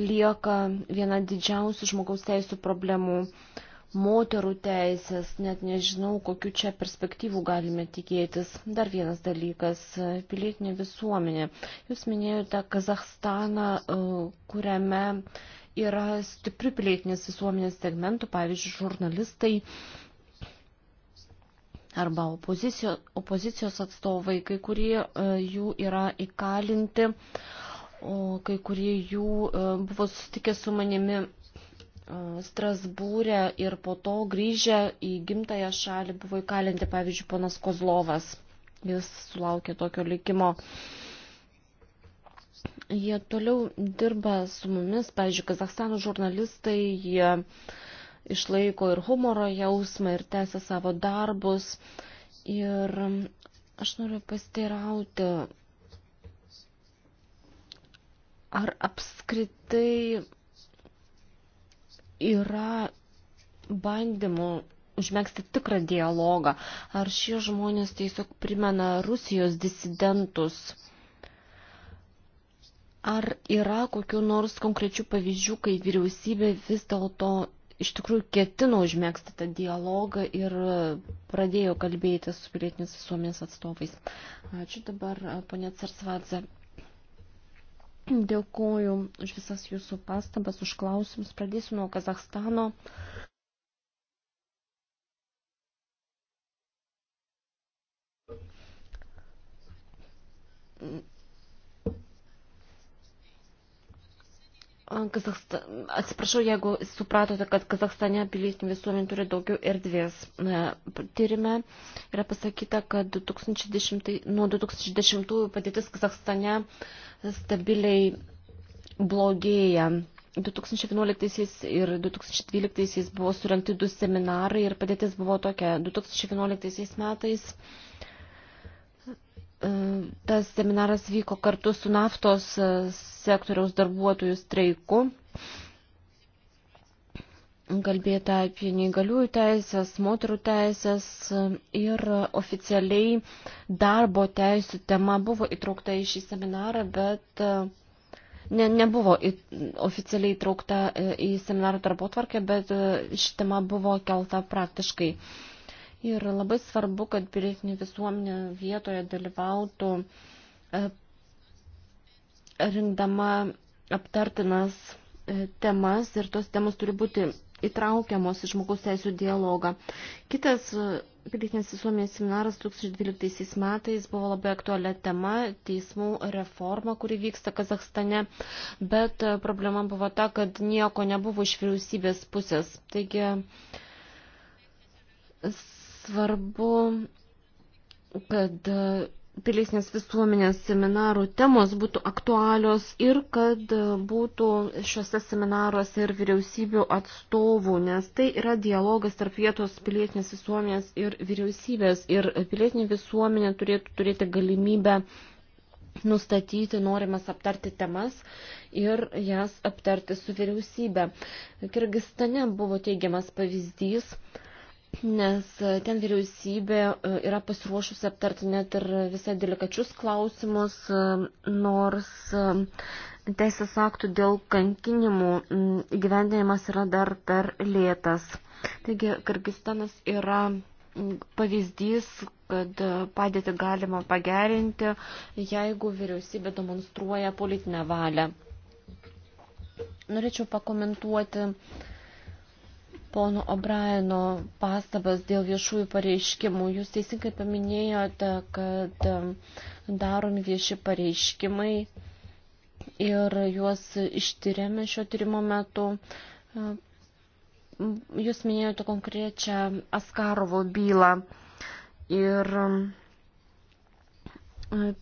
lieka viena didžiausių žmogaus teisų problemų. Uh, moterų teisės, net nežinau, kokiu čia perspektyvų galime tikėtis. Dar vienas dalykas - pilietinė visuomenė. Jūs minėjote Kazahstaną, e, kuriame yra stipri pilietinės visuomenės segmentų, pavyzdžiui, žurnalistai arba opozicijos, opozicijos atstovai, kai kurie e, jų yra įkalinti, o kai kurie jų e, buvo susitikę su manimi Strasbūrė ir po to grįžę į gimtają šalį buvo įkalinti, pavyzdžiui, ponas Kozlovas. Jis sulaukė tokio likimo. Jie toliau dirba su mumis, pavyzdžiui, Kazakstano žurnalistai, jie išlaiko ir humoro jausmą ir tęsia savo darbus. Ir aš noriu pasteirauti, ar apskritai yra bandymų užmėgsti tikrą dialogą. Ar šie žmonės tiesiog primena Rusijos disidentus? Ar yra kokiu nors konkrečių pavyzdžių, kai vyriausybė vis dėlto iš tikrųjų ketino užmėgsti tą dialogą ir pradėjo kalbėti su pilietinės visuomenės atstovais? Ačiū dabar, ponė Cersvadze. Dėkuoju už visas jūsų pastabas, už klausimus. Pradėsiu nuo Kazahstano. Kazakstane, atsiprašau, jeigu supratote, kad Kazakstane pilietinė visuomenė turi daugiau erdvės. Tyrime yra pasakyta, kad 2010, nuo 2010 padėtis Kazakstane stabiliai blogėja. 2011 ir 2012 buvo surinkti du seminarai ir padėtis buvo tokia. 2011 metais E, tas seminaras vyko kartu su naftos e, sektoriaus darbuotojų streiku. Kalbėta apie neįgaliųjų teisės, moterų teisės e, ir oficialiai darbo teisų tema buvo įtraukta į šį seminarą, bet ne, nebuvo į, oficialiai įtraukta į seminarų darbo tvarkę, bet ši tema buvo kelta praktiškai. Uh, Ir labai svarbu, kad pilietinė visuomenė vietoje dalyvautų e, rinkdama aptartinas e, temas ir tos temos turi būti įtraukiamos į žmogaus teisų dialogą. Kitas e, pilietinės visuomenės seminaras 2012 metais buvo labai aktualia tema - teismų reforma, kuri vyksta Kazakstane, bet problema buvo ta, kad nieko nebuvo iš vyriausybės pusės. Taigi Svarbu, kad e, pilietinės visuomenės seminarų temos būtų aktualios ir kad e, būtų šiuose seminaruose ir vyriausybių atstovų, nes tai yra dialogas tarp vietos pilietinės visuomenės ir vyriausybės ir pilietinė visuomenė turėtų turėti galimybę nustatyti norimas aptarti temas ir jas aptarti su vyriausybė. Kirgistane buvo teigiamas pavyzdys, nes e, ten vyriausybė e, yra pasiruošusi aptarti net ir visai delikačius klausimus, e, nors teisės aktų dėl kankinimų įgyvendinimas yra dar per lėtas. Taigi, Kirgistanas yra pavyzdys, kad padėti galima pagerinti, jeigu vyriausybė demonstruoja politinę valią. Norėčiau pakomentuoti uh, pono Obrajeno pastabas dėl viešųjų pareiškimų. Jūs teisingai paminėjote, kad um, daromi vieši pareiškimai ir juos ištyrėme šio tyrimo metu. Um, jūs minėjote konkrečią Askarovo bylą ir um,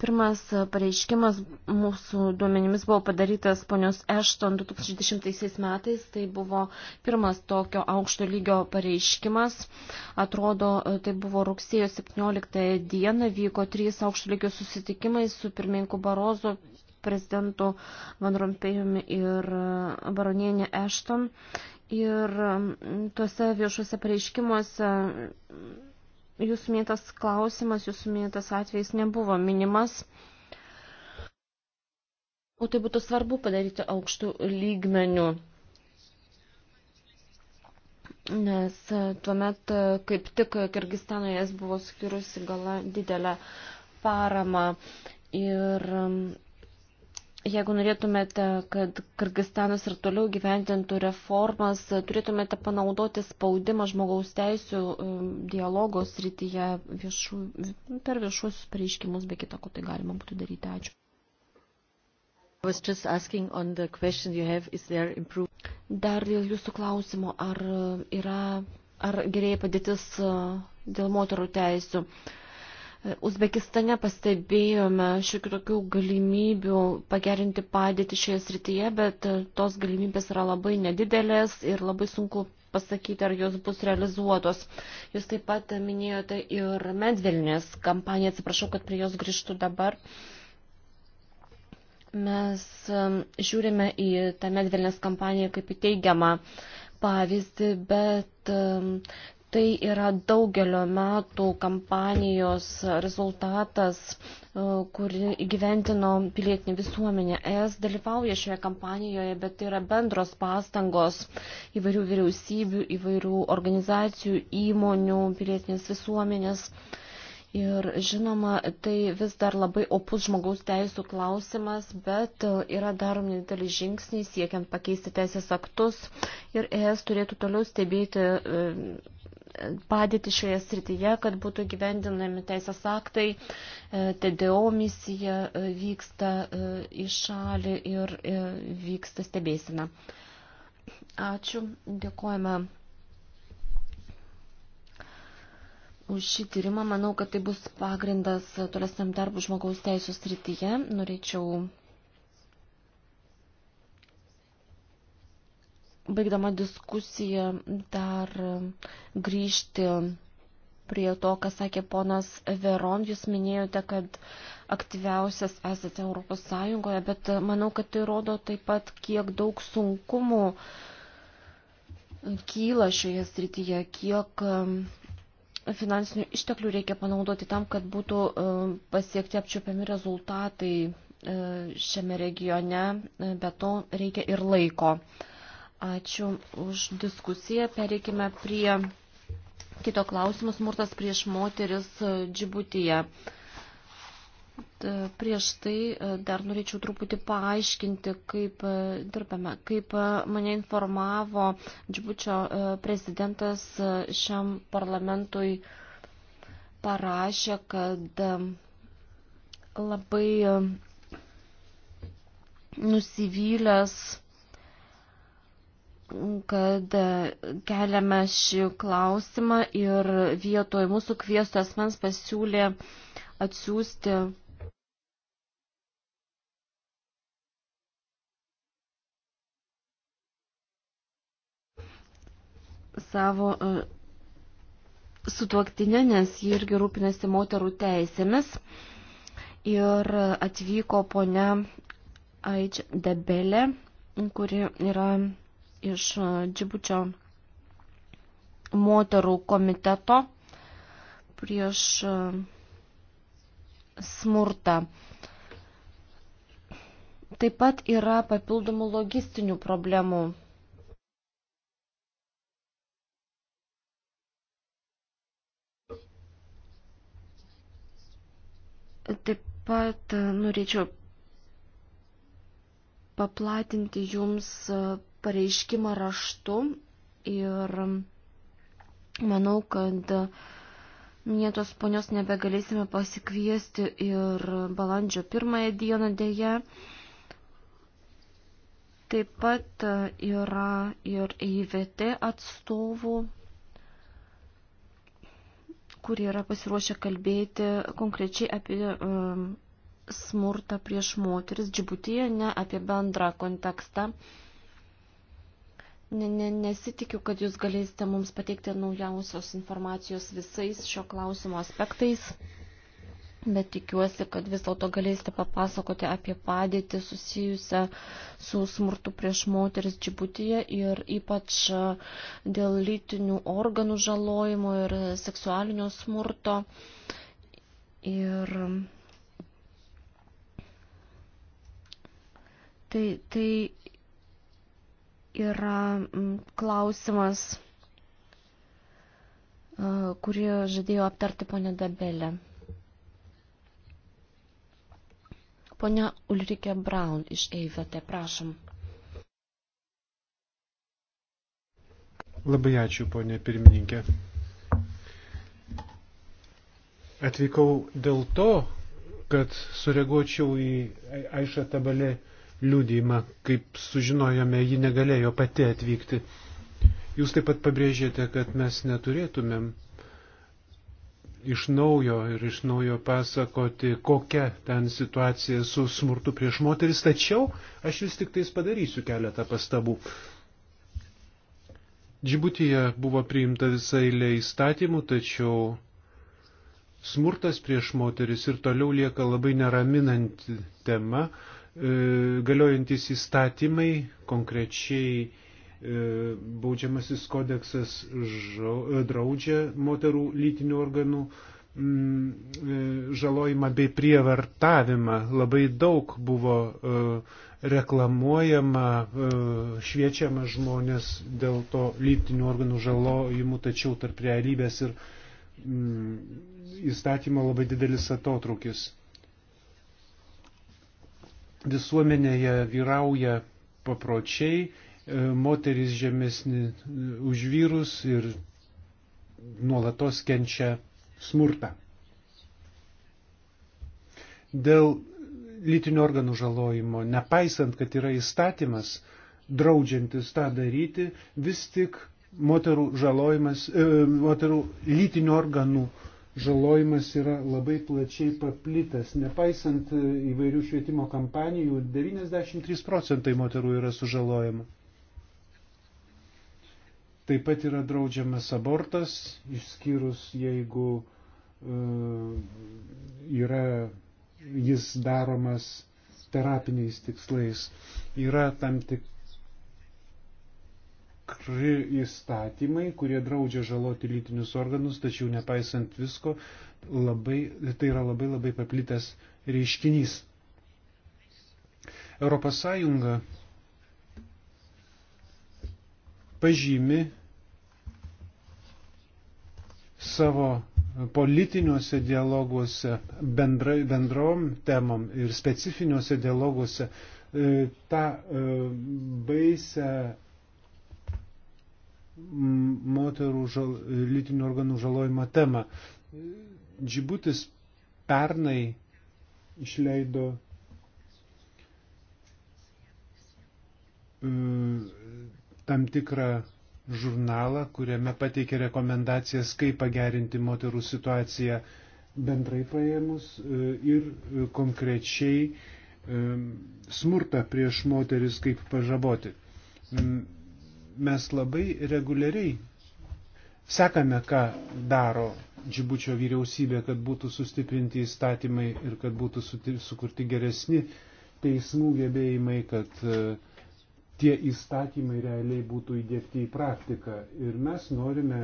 Pirmas pareiškimas mūsų duomenimis buvo padarytas ponios Ešton 2010 metais. Tai buvo pirmas tokio aukšto lygio pareiškimas. Atrodo, tai buvo rugsėjo 17 dieną. Vyko trys aukšto lygio susitikimai su pirmininku Barozo, prezidentu Van Rompėjumi ir baronienė Ešton. Ir tuose viešuose pareiškimuose jūsų minėtas klausimas, jūsų minėtas atvejis nebuvo minimas. O tai būtų svarbu padaryti aukštų lygmenių, nes e, tuomet e, kaip tik Kirgistano jas buvo skirusi gala didelę paramą ir Jeigu norėtumėte, kad Kirgistanas ir toliau gyventintų reformas, turėtumėte panaudoti spaudimą žmogaus teisų um, dialogo srityje viešu, per viešus pareiškimus, be kitako tai galima būtų daryti. Ačiū. Have, Dar dėl jūsų klausimo, ar, yra, ar gerėja padėtis uh, dėl moterų teisų. Uh, Uzbekistane pastebėjome šiek tokių galimybių pagerinti padėtį šioje srityje, bet tos galimybės yra labai nedidelės ir labai sunku pasakyti, ar jos bus realizuotos. Jūs taip pat minėjote ir Medvilnės kampaniją, atsiprašau, kad prie jos grįžtų dabar. Mes um, žiūrime į tą Medvilnės kampaniją kaip į teigiamą pavyzdį, bet um, Tai yra daugelio metų kampanijos rezultatas, e, kuri įgyventino pilietinį visuomenę. ES dalyvauja šioje kampanijoje, bet tai yra bendros pastangos įvairių vyriausybių, įvairių organizacijų, įmonių, pilietinės visuomenės. Ir žinoma, tai vis dar labai opus žmogaus teisų klausimas, bet e, yra daromi nedideli žingsniai siekiant pakeisti teisės aktus ir ES turėtų toliau stebėti e, padėti šioje srityje, kad būtų gyvendinami teisės aktai. E, TDO misija e, vyksta e, į šalį ir vyksta stebėsina. Ačiū, dėkojame už šį tyrimą. Manau, kad tai bus pagrindas tolesniam darbų žmogaus teisų srityje. Norėčiau baigdama diskusiją dar grįžti prie to, ką sakė ponas Veron. Jūs minėjote, kad aktyviausias esate Europos Sąjungoje, bet manau, kad tai rodo taip pat, kiek daug sunkumų kyla šioje srityje, kiek um, finansinių išteklių reikia panaudoti tam, kad būtų um, pasiekti apčiopiami rezultatai uh, šiame regione, bet to reikia ir laiko. Ačiū už diskusiją. Pereikime prie kito klausimo. Smurtas prieš moteris Džibutyje. Prieš tai e, dar norėčiau truputį paaiškinti, kaip e, dirbame. Kaip e, mane informavo Džibučio prezidentas šiam parlamentui parašė, kad labai nusivylęs kad keliame šį klausimą ir vietoj mūsų kviesto asmens pasiūlė atsiųsti savo e, sutuoktinę, nes ji irgi rūpinasi moterų teisėmis. Ir atvyko ponia Aič Debelė, kuri yra iš e, Džibučio moterų komiteto prieš e, smurtą. Taip pat yra papildomų logistinių problemų. Taip pat e, norėčiau paplatinti jums pareiškimą raštu ir manau, kad minėtos ponios nebegalėsime pasikviesti ir balandžio pirmąją dieną dėje. Taip pat yra ir EIVT atstovų, kurie yra pasiruošę kalbėti konkrečiai apie um, smurtą prieš moteris džibutyje, ne apie bendrą kontekstą. Uh, ne, ne, nesitikiu, kad jūs galėsite mums pateikti naujausios informacijos visais šio klausimo aspektais, bet tikiuosi, kad vis dėlto galėsite papasakoti apie padėtį susijusią su smurtu prieš moteris džibutyje ir ypač e, dėl lytinių organų žalojimo ir seksualinio smurto. Ir tai, tai yra klausimas, e, kurį žadėjo aptarti ponė Dabelė. Pone Ulrike Braun iš EIVT, prašom. Labai ačiū, ponė pirmininkė. Atvykau dėl to, kad sureaguočiau į Aišą Tabalę liūdėjimą, kaip sužinojome, ji negalėjo pati atvykti. Jūs taip pat pabrėžėte, kad mes neturėtumėm iš naujo ir iš naujo pasakoti, kokia ten situacija su smurtu prieš moteris, tačiau aš vis tik tais padarysiu keletą pastabų. Džibutyje buvo priimta visa eilė įstatymų, tačiau smurtas prieš moteris ir toliau lieka labai neraminanti tema, E, galiojantis įstatymai, konkrečiai e, baudžiamasis kodeksas e, draudžia moterų lytinių organų mm, žalojimą bei prievartavimą. Labai daug buvo reklamuojama, šviečiama žmonės dėl to lytinių organų žalojimų, tačiau tarp realybės ir mm, įstatymo labai didelis atotrukis visuomenėje vyrauja papročiai, e, moteris žemesni e, už vyrus ir nuolatos kenčia smurtą. Dėl lytinių organų žalojimo, nepaisant, kad yra įstatymas draudžiantis tą daryti, vis tik moterų žalojimas, e, moterų lytinių organų žalojimas yra labai plačiai paplitęs. Nepaisant e, įvairių švietimo kampanijų, 93 procentai moterų yra sužalojama. Taip pat yra draudžiamas abortas, išskyrus jeigu uh, yra jis daromas terapiniais tikslais. Yra tam tik tikri įstatymai, kurie draudžia žaloti lytinius organus, tačiau nepaisant visko, labai, tai yra labai labai paplitęs reiškinys. Europos Sąjunga pažymi savo politiniuose dialoguose, bendra, bendrom temom ir specifiniuose dialoguose e, tą e, baisę moterų žal, lytinių organų žalojimo temą. Džibutis pernai išleido e, tam tikrą žurnalą, kuriame pateikė rekomendacijas, kaip pagerinti moterų situaciją bendrai paėmus e, ir konkrečiai e, smurtą prieš moteris kaip pažaboti mes labai reguliariai sekame, ką daro Džibučio vyriausybė, kad būtų sustiprinti įstatymai ir kad būtų sukurti geresni teismų gebėjimai, kad e, tie įstatymai realiai būtų įdėkti į praktiką. Ir mes norime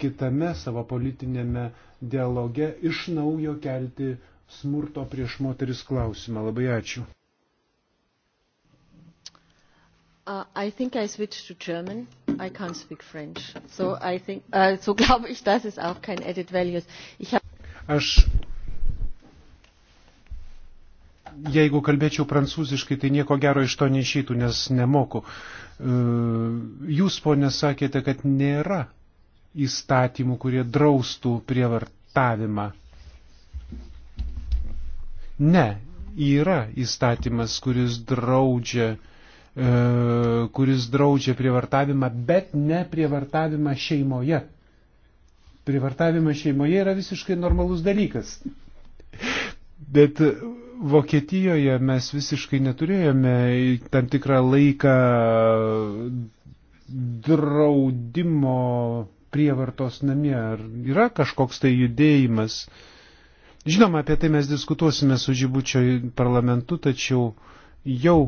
kitame savo politinėme dialoge iš naujo kelti smurto prieš moteris klausimą. Labai ačiū. Uh, I think I switched to German. I can't speak French. So, I think, uh, so (laughs) glaube ich, das ist auch kein Added Value. Ich hab... Aš, jeigu kalbėčiau prancūziškai, tai nieko gero iš to neišytų, nes nemoku. Uh, jūs, ponė, sakėte, kad nėra įstatymų, kurie draustų prievartavimą. Ne, yra įstatymas, kuris draudžia uh, E, kuris draudžia prievartavimą, bet ne prievartavimą šeimoje. Prievartavimas šeimoje yra visiškai normalus dalykas. Bet Vokietijoje mes visiškai neturėjome tam tikrą laiką draudimo prievartos namie. Ar yra kažkoks tai judėjimas? Žinoma, apie tai mes diskutuosime su Žibučio parlamentu, tačiau jau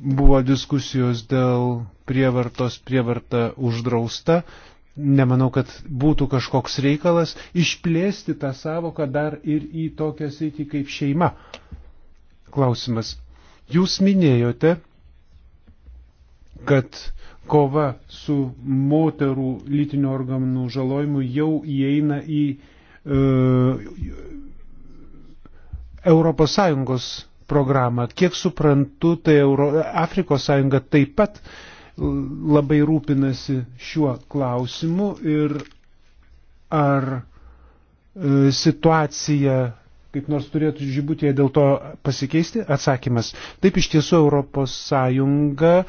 buvo diskusijos dėl prievartos prievarta uždrausta. Nemanau, kad būtų kažkoks reikalas išplėsti tą savoką dar ir į tokią sritį kaip šeima. Klausimas. Jūs minėjote, kad kova su moterų lytinių organų žalojimu jau įeina į e, Europos Sąjungos programą. Kiek suprantu, tai Euro... Afrikos sąjunga taip pat labai rūpinasi šiuo klausimu ir ar e, situacija kaip nors turėtų žibutėje dėl to pasikeisti? Atsakymas. Taip iš tiesų Europos Sąjunga e,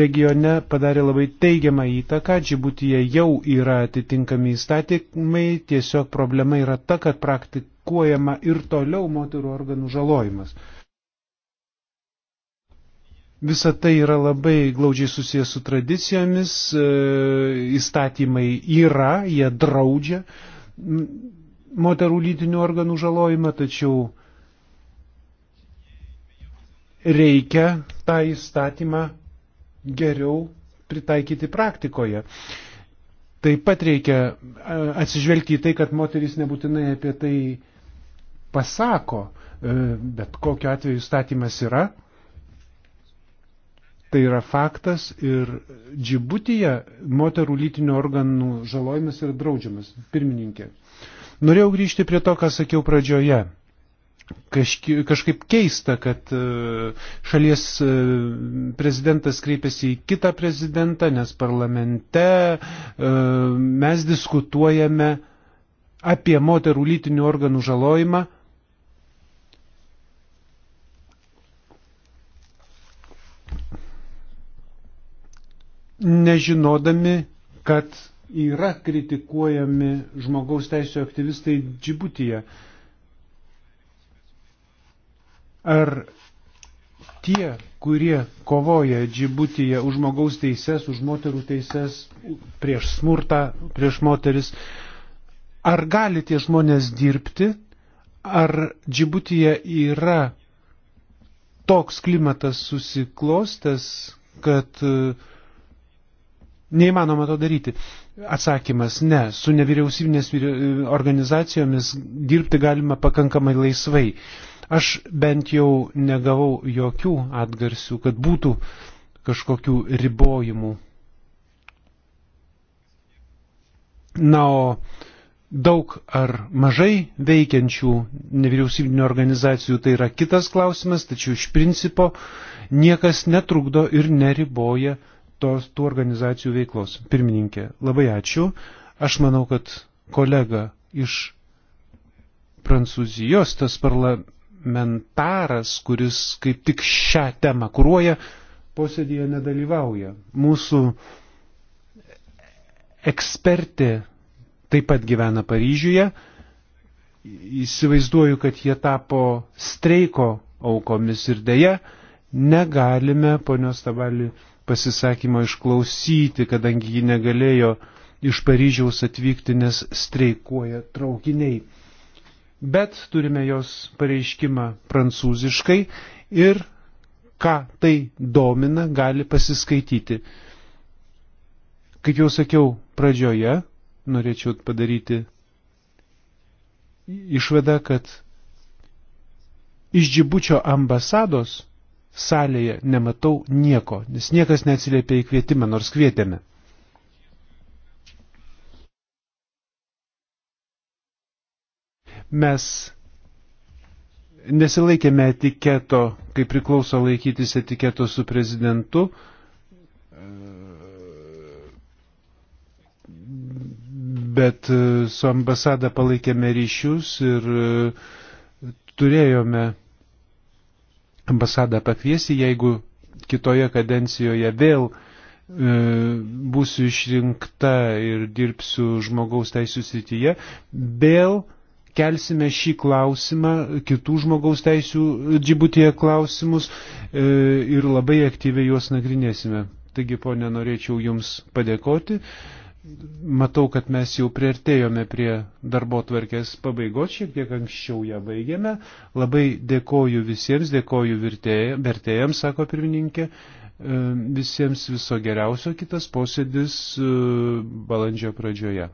regione padarė labai teigiamą įtaką, žibutėje jau yra atitinkami įstatymai, tiesiog problema yra ta, kad praktikuojama ir toliau moterų organų žalojimas. Visa tai yra labai glaudžiai susijęs su tradicijomis, e, įstatymai yra, jie draudžia moterų lytinių organų žalojimą, tačiau reikia tą įstatymą geriau pritaikyti praktikoje. Taip pat reikia e, atsižvelgti į tai, kad moteris nebūtinai apie tai pasako, e, bet kokiu atveju statymas yra, Tai yra faktas ir džibutyje moterų lytinių organų žalojimas yra draudžiamas. Pirmininkė. Norėjau grįžti prie to, ką sakiau pradžioje. Kažki, kažkaip keista, kad e, šalies e, prezidentas kreipiasi į kitą prezidentą, nes parlamente e, mes diskutuojame apie moterų lytinių organų žalojimą, nežinodami, kad yra kritikuojami žmogaus teisų aktyvistai Džibutyje. Ar tie, kurie kovoja Džibutyje už žmogaus teises, už moterų teises, prieš smurtą, prieš moteris, ar gali tie žmonės dirbti, ar Džibutyje yra toks klimatas susiklostęs, kad uh, Neįmanoma to daryti. Atsakymas - ne. Su nevyriausybinės organizacijomis dirbti galima pakankamai laisvai. Aš bent jau negavau jokių atgarsių, kad būtų kažkokių ribojimų. Na, o daug ar mažai veikiančių nevyriausybinio organizacijų tai yra kitas klausimas, tačiau iš principo niekas netrukdo ir neriboja uh, tos, tų organizacijų veiklos. Pirmininkė, labai ačiū. Aš manau, kad kolega iš Prancūzijos, tas parlamentaras, kuris kaip tik šią temą kūruoja, posėdėje nedalyvauja. Mūsų ekspertė taip pat gyvena Paryžiuje. Įsivaizduoju, kad jie tapo streiko aukomis ir dėja negalime, ponios Tabali, pasisakymo išklausyti, kadangi ji negalėjo iš Paryžiaus atvykti, nes streikuoja traukiniai. Bet turime jos pareiškimą prancūziškai ir ką tai domina, gali pasiskaityti. Kaip jau sakiau pradžioje, norėčiau padaryti išvadą, kad iš Džibučio ambasados salėje nematau nieko, nes niekas neatsiliepia į kvietimą, nors kvietėme. Mes nesilaikėme etiketo, kaip priklauso laikytis etiketo su prezidentu. Bet e, su ambasada palaikėme ryšius ir e, turėjome ambasadą pakviesi, jeigu kitoje kadencijoje vėl e, būsiu išrinkta ir dirbsiu žmogaus teisų srityje, vėl kelsime šį klausimą, kitų žmogaus teisų džibutyje klausimus e, ir labai aktyviai juos nagrinėsime. Taigi, ponė, norėčiau Jums padėkoti matau, kad mes jau priartėjome prie darbo tvarkės pabaigos, šiek tiek anksčiau ją baigėme. Labai dėkoju visiems, dėkoju vertėjams, sako pirmininkė. E, visiems viso geriausio kitas posėdis e, balandžio pradžioje.